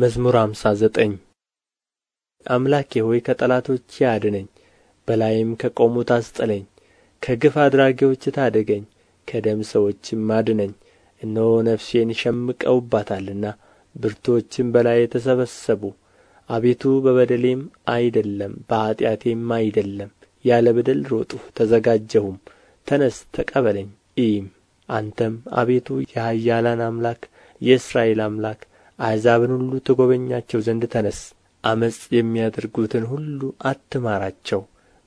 መዝሙር አምሳ ዘጠኝ አምላኬ ሆይ ከጠላቶች ያድነኝ በላይም ከቆሙት አስጥለኝ። ከግፍ አድራጊዎች ታደገኝ፣ ከደም ሰዎችም አድነኝ። እነሆ ነፍሴን ሸምቀውባታልና ብርቶችም በላይ ተሰበሰቡ። አቤቱ በበደሌም አይደለም በኃጢአቴም አይደለም፣ ያለ በደል ሮጥሁ ተዘጋጀሁም። ተነስ ተቀበለኝ እይም። አንተም አቤቱ የኃያላን አምላክ የእስራኤል አምላክ አሕዛብን ሁሉ ትጐበኛቸው ዘንድ ተነስ አመፅ የሚያደርጉትን ሁሉ አትማራቸው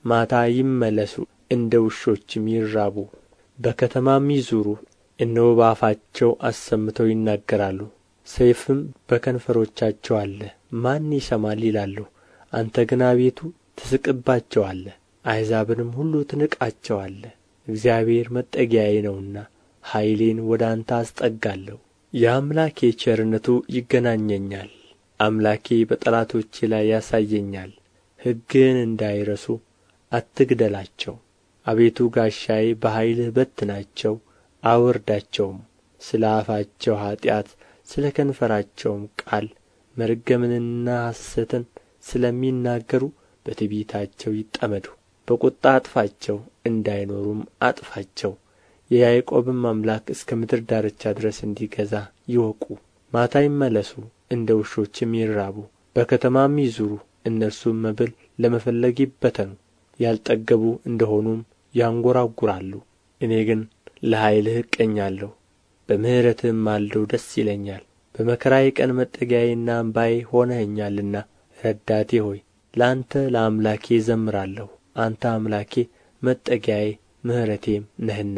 ማታ ይመለሱ እንደ ውሾችም ይራቡ በከተማም ይዙሩ እነሆ በአፋቸው አሰምተው ይናገራሉ ሰይፍም በከንፈሮቻቸው አለ ማን ይሰማል ይላሉ አንተ ግን አቤቱ ትስቅባቸዋለ፣ አሕዛብንም ሁሉ ትንቃቸዋለ። እግዚአብሔር መጠጊያዬ ነውና ኃይሌን ወደ አንተ አስጠጋለሁ የአምላኬ ቸርነቱ ይገናኘኛል አምላኬ በጠላቶቼ ላይ ያሳየኛል ሕግህን እንዳይረሱ አትግደላቸው አቤቱ ጋሻዬ በኃይልህ በትናቸው አውርዳቸውም ስለ አፋቸው ኀጢአት ስለ ከንፈራቸውም ቃል መርገምንና ሐሰትን ስለሚናገሩ በትዕቢታቸው ይጠመዱ በቍጣ አጥፋቸው እንዳይኖሩም አጥፋቸው የያዕቆብም አምላክ እስከ ምድር ዳርቻ ድረስ እንዲገዛ ይወቁ ማታ ይመለሱ እንደ ውሾችም ይራቡ በከተማም ይዙሩ እነርሱም መብል ለመፈለግ ይበተኑ ያልጠገቡ እንደ ሆኑም ያንጐራጕራሉ እኔ ግን ለኃይልህ እቀኛለሁ በምሕረትህም ማልዶ ደስ ይለኛል በመከራዬ ቀን መጠጊያዬና አምባዬ ሆነኸኛልና ረዳቴ ሆይ ለአንተ ለአምላኬ ዘምራለሁ አንተ አምላኬ መጠጊያዬ ምሕረቴም ነህና